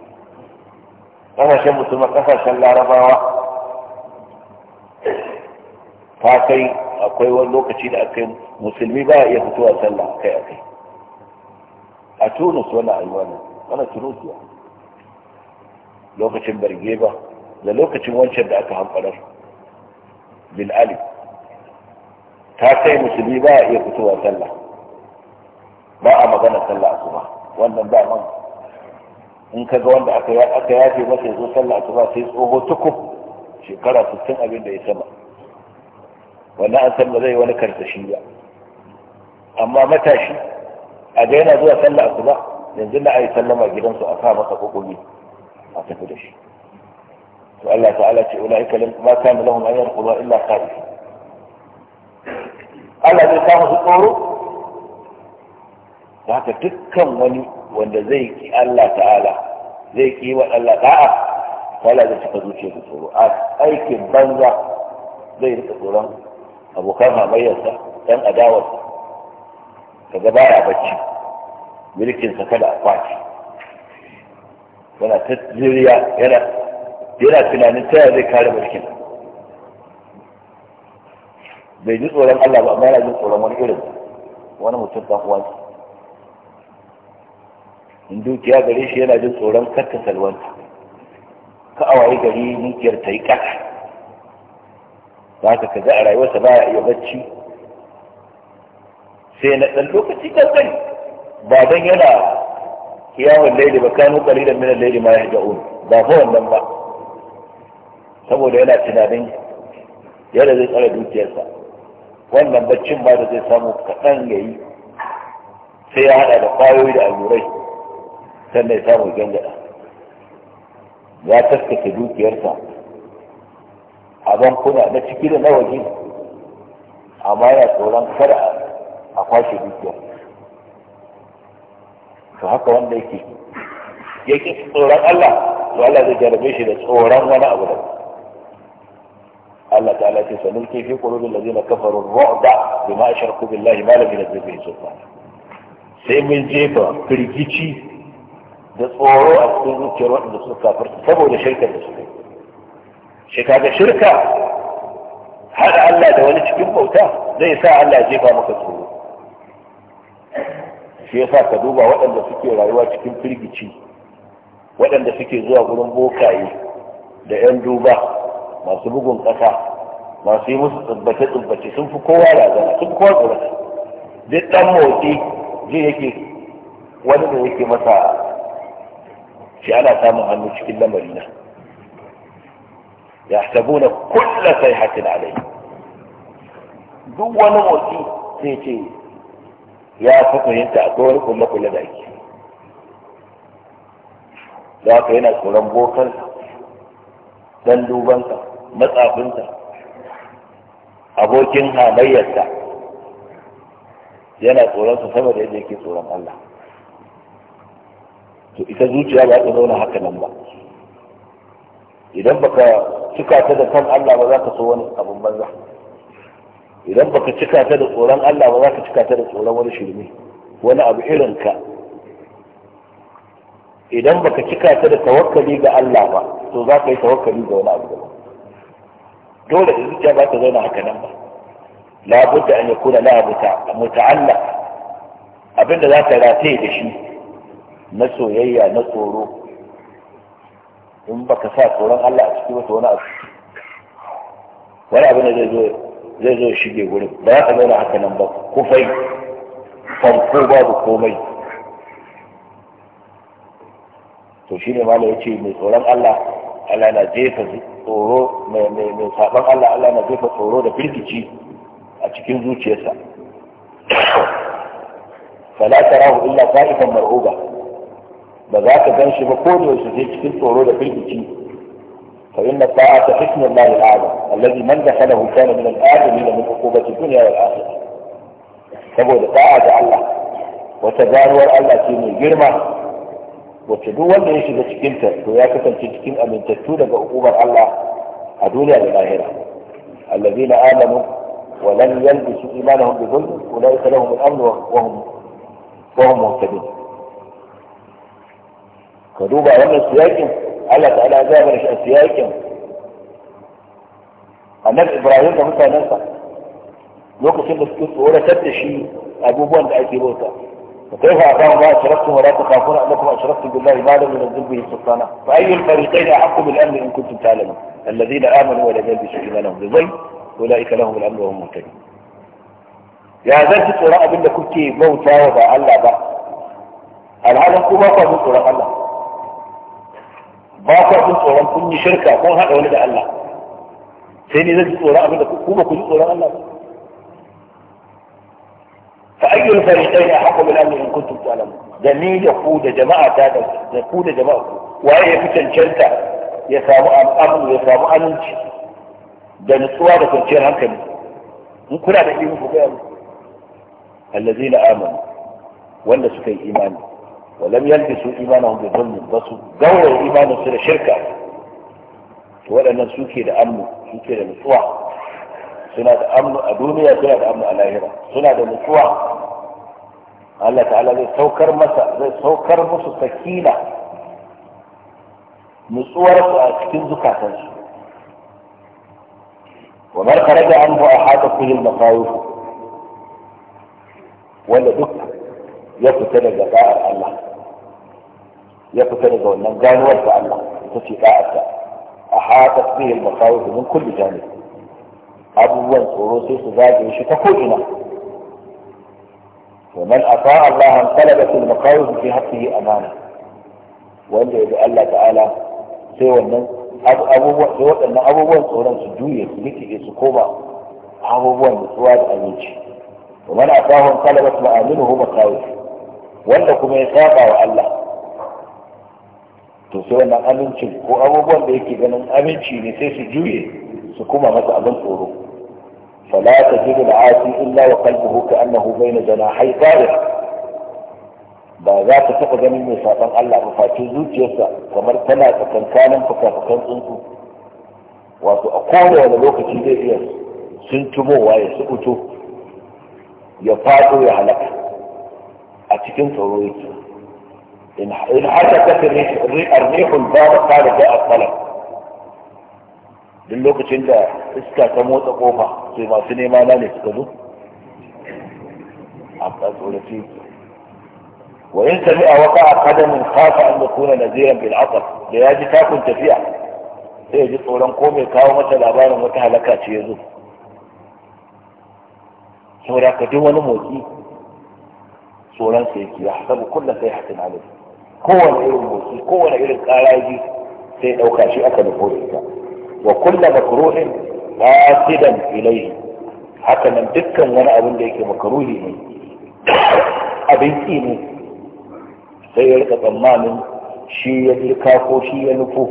ƙasashen musulmi ƙasashen larabawa ta kai akwai wani lokaci da aka musulmi ba iya fitowa sallah kai a kai a tunis wani alwani wani tunisiya lokacin bargeba da lokacin wancan da aka hamfarar bin ali ta kai musulmi ba iya fitowa sallah ba a magana sallah a kuma wannan ba man in ka ga wanda aka yafe masa ya zo sallah a kuma sai tsoho tukuf shekara 60 abin da ya sama wannan an san ba zai wani karsashi ba amma matashi a ga yana zuwa sallah asuba yanzu na ayi sallama gidansu a sa masa kokoli a tafi da shi to Allah ta'ala ce ulaika lam ma kana lahum an yarquba illa khaif Allah zai samu su tsoro da haka dukkan wani wanda zai ki Allah ta'ala zai ki wa Allah da'a wala zai cika zuciya da tsoro a aikin banza zai rika tsoron abokan hamayyarsa ɗan adawarsa kaga baya bacci mulkinsa kada a kwace yana ta ziriya yana tunanin ta zai kare mulkin bai ji tsoron Allah ba amma yana jin tsoron wani irin wani mutum ɗan uwansa in dukiya gare shi yana jin tsoron kakka salwanta ka awaye gari dukiyar ta yi ƙasa ba ka ga a rayuwarsa ba ya iya bacci sai na ɗan lokaci kankani ba don yana kiyawan laili ba kanu kalilan minan laili ma ya ja'un ba fa wannan ba saboda yana tunanin yadda zai tsara dukiyarsa wannan baccin ba da zai samu kaɗan ya yi sai ya haɗa da ƙwayoyi da allurai sannan ya samu gangada ya taskata dukiyarsa a bankuna na ciki da na waje amma yana tsoron kada a kwashe dukiyar to haka wanda yake yake tsoron Allah to Allah zai jarabe shi da tsoron wani abu da Allah ta'ala ce sanin ke fi qulubil ladina kafaru ru'ba bima ashraku billahi ma lam yunzil bihi sultan sai mun jefa firgici da tsoro a cikin zuciyar wanda suka kafirta saboda shirkar da suka yi shi kaga shirka hada Allah da wani cikin bauta zai sa Allah ya jefa maka tsoro shi yasa ka duba waɗanda suke rayuwa cikin firgici waɗanda suke zuwa gurin bokaye da ƴan duba masu bugun ƙasa masu yi musu tsubbace-tsubbace sun fi kowa razana sun fi kowa tsorata duk ɗan motsi ji yake wani da yake masa shi ana samun hannu cikin lamari na yahsabuna kullu sayhatin alayhi duk wani motsi sai ce ya fi fahimta a tsohon kuma kula da ake Za ka yana tsoron bokansa dan dubansa matsafinta. abokin hamayyarsa yana tsoron tsoronsa saboda yadda yake tsoron Allah to ita zuciya ba ta zauna haka nan ba idan baka cika ta da san Allah ba za ka so wani abun banza idan baka cika ta da tsoron Allah ba za ka cika ta da tsoron wani shirme wani abu irin ka idan baka cika ta da tawakkali ga Allah ba to za ka yi tawakkali ga wani abu daban dole da zuciya ba ta zauna haka nan ba la budda an yakuna la muta'allaq abinda za ta rataye da shi na soyayya na tsoro in baka sa tsoron Allah a ciki ba wani abu wani abu ne zai zo zai zo shige gurin ba za ka zauna haka nan ba kufai farko babu komai to shine malam ya ce mai tsoron Allah Allah na jefa tsoro mai mai saban Allah Allah na jefa tsoro da firgici a cikin zuciyarsa fala tarahu illa qa'ifan mar'uba ba za ka gan shi ba ko da yaushe sai cikin tsoro da firgici fa inna ta'ata hikmu Allah al-azam allazi man dakhalahu kana min al-azami la muqobati dunya wal akhirah saboda ta'a ga Allah wata garuwar Allah ce mai girma wacce duk wanda ya shiga cikin ta to ya kasance cikin amintattu daga hukumar Allah a duniya da lahira alladhina amanu wa lam yalbisu imanahum bi dhulm ulaika lahum al-amn wa hum wa hum muhtadun ka هم السياكم قال تعالى ta'ala ya zama shi a siyakin annabi Ibrahim da mutanensa lokacin da suke tsoratar da shi abubuwan da ake وكيف أعطاهم ما أشركتم ولا تخافون أنكم أشركتم بالله ما لم ينزل به سلطانا فأي الفريقين أحق بالأمن إن كنتم تعلمون الذين آمنوا ولم يلبسوا إيمانهم بظلم أولئك لهم الأمن وهم مهتدون يا ذات القراءة بلا كنت موتى وضع الله با الهدف كما قال الله ba ku kun tsoron kun yi shirka kun haɗa wani da Allah sai ne zai tsoron abin da ku ba ku ji tsoron Allah ba fa ayyul fariqayn ahqqu bil amn in kuntum ta'lamun da ni da ku da jama'a ta da ku da jama'a ku waye ya fi cancanta ya samu al'amu ya samu aminci da nutsuwa da kwanciyar hankali in kuna da ilimi ku ga mu allazina amanu wanda suka yi imani ولم يلبسوا إيمانهم بظلم بس دوروا الإيمان سنة شركة وأن أمن لأمن سوكي لمسوع سنة أمن أدونية سنة أمن الآخرة سنة مسوع الله تعالى زي سوكر مسا زي سوكر مسا سكينة نسوار سكين زكاة ومن خرج عنه احاطت به المخاوف ولا دك ya fita daga da'ar Allah ya fita daga wannan ganuwar ta Allah ita ce da'ar ta a haka tsihil makawai domin kulli jami abubuwan tsoro sai su zage shi ta ko'ina to man asa Allah ومن أطاع الله انقلبت المقاوم في حقه amana wanda ya bi Allah ta'ala sai wannan abubuwan waɗannan abubuwan tsoron su juye su likide su koma abubuwan da tsuwa da aminci ومن man asahu مآمنه ma'aminuhu wanda kuma ya saba wa Allah to sai wannan amincin ko abubuwan da yake ganin aminci ne sai su juye su kuma masa abin tsoro fala tajidu al'asi illa wa qalbuhu ka'annahu bayna janahay tariq ba za ta taɓa ganin mai saɓon Allah ba face zuciyarsa kamar tana tsakankanin fuka-fukan tsuntsu wato a kowane lokaci zai iya sun tumowa ya sukuto ya faɗo ya halaka a cikin tsoro yake in haka kasar rihun ba da kare da akwalar duk lokacin da iska ta motsa kofa sai masu nema na ne suka zo a tsorace وإن سمع وقع قدم خاف أن يكون bin بالعطر da ya ji takun tafiya sai ya ji tsoron ko mai kawo mata labarin wata halaka ce ya zo saboda ka duk wani motsi tsoron sa yake ya hasabu kullum sai hatin alai kowane irin motsi kowane irin karaji sai ɗauka shi aka nufo da ita wa kulla makruhin qasidan ilayhi haka nan dukkan wani abin da yake makruhi ne abin ki ne sai ya rika tsammanin shi ya dirka ko shi ya nufo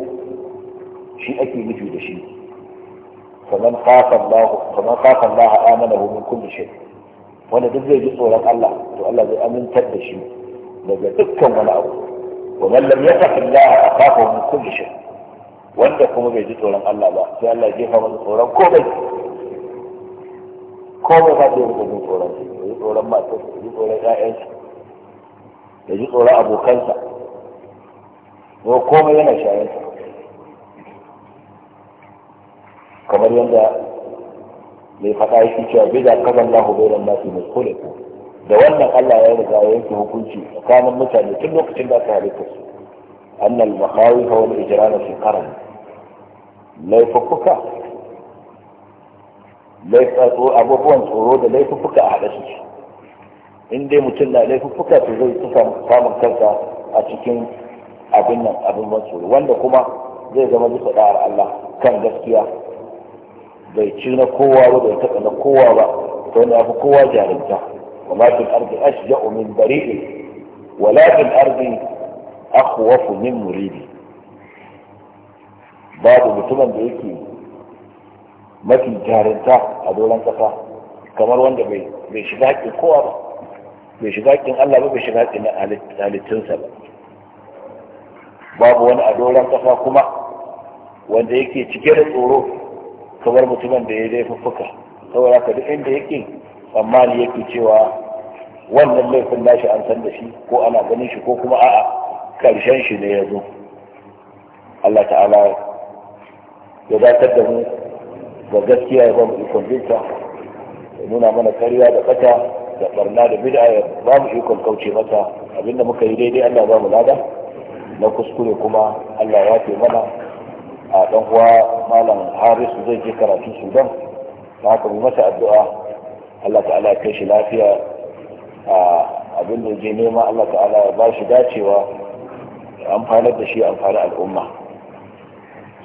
shi ake nufi da shi فمن خاف الله فمن خاف الله آمنه من كل شيء wanda duk zai ji tsoron Allah to Allah zai amintar da shi daga dukkan wani abu wa man lam yattaqi Allah akafa min kulli shay wanda kuma bai ji tsoron Allah ba sai Allah ya jefa masa tsoron komai komai ba zai rika jin tsoron shi ya ji tsoron matarsa ya ji tsoron ƴaƴansa ya ji tsoron abokansa ko komai yana shayansa kamar yadda mai faɗa yake cewa bai da kaban lahu bai da nasu mai kule da wannan Allah ya riga ya yanke hukunci tsakanin mutane tun lokacin da aka halitta su annal makhawi fa wal ijrana fi qaran laifuka laifuka abubuwan tsoro da laifuka a haɗa su in dai mutum na laifuka to zai tuka samun kansa a cikin abin nan abin matsoro wanda kuma zai zama bisa da'ar Allah kan gaskiya bai ci na kowa ba bai taɓa na kowa ba to ya fi kowa jarinta wala fil ardi ashja'u min bari'in wala fil ardi akhwafu min muridi babu mutumin da yake mafi jarinta a doron ƙasa kamar wanda bai shiga haƙƙin kowa ba bai shiga haƙƙin Allah ba bai shiga haƙƙin halittunsa ba babu wani a doron ƙasa kuma wanda yake cike da tsoro kamar mutumin da ya laifuffuka saboda ka duk inda yake tsammani yake cewa wannan laifin nashi an san da shi ko ana ganin shi ko kuma a'a karshen shi ne ya zo Allah ta'ala ya dakatar da mu ga gaskiya ya ba mu ikon binta ya nuna mana karya da kata da barna da bid'a ya ba mu ikon kauce mata abinda muka yi daidai Allah ba mu lada na kuskure kuma Allah ya fi mana a ɗan uwa malam harisu zai je karatu sudan Na haka mu masa addu'a allah ta'ala ya kai shi lafiya a abin da je nema allah ta'ala ya ba shi dacewa amfanar da shi amfani al'umma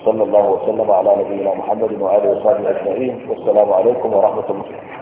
sallallahu wa sallama ala nabiyina muhammadin wa alihi wa sahbihi ajma'in wassalamu alaikum wa rahmatullahi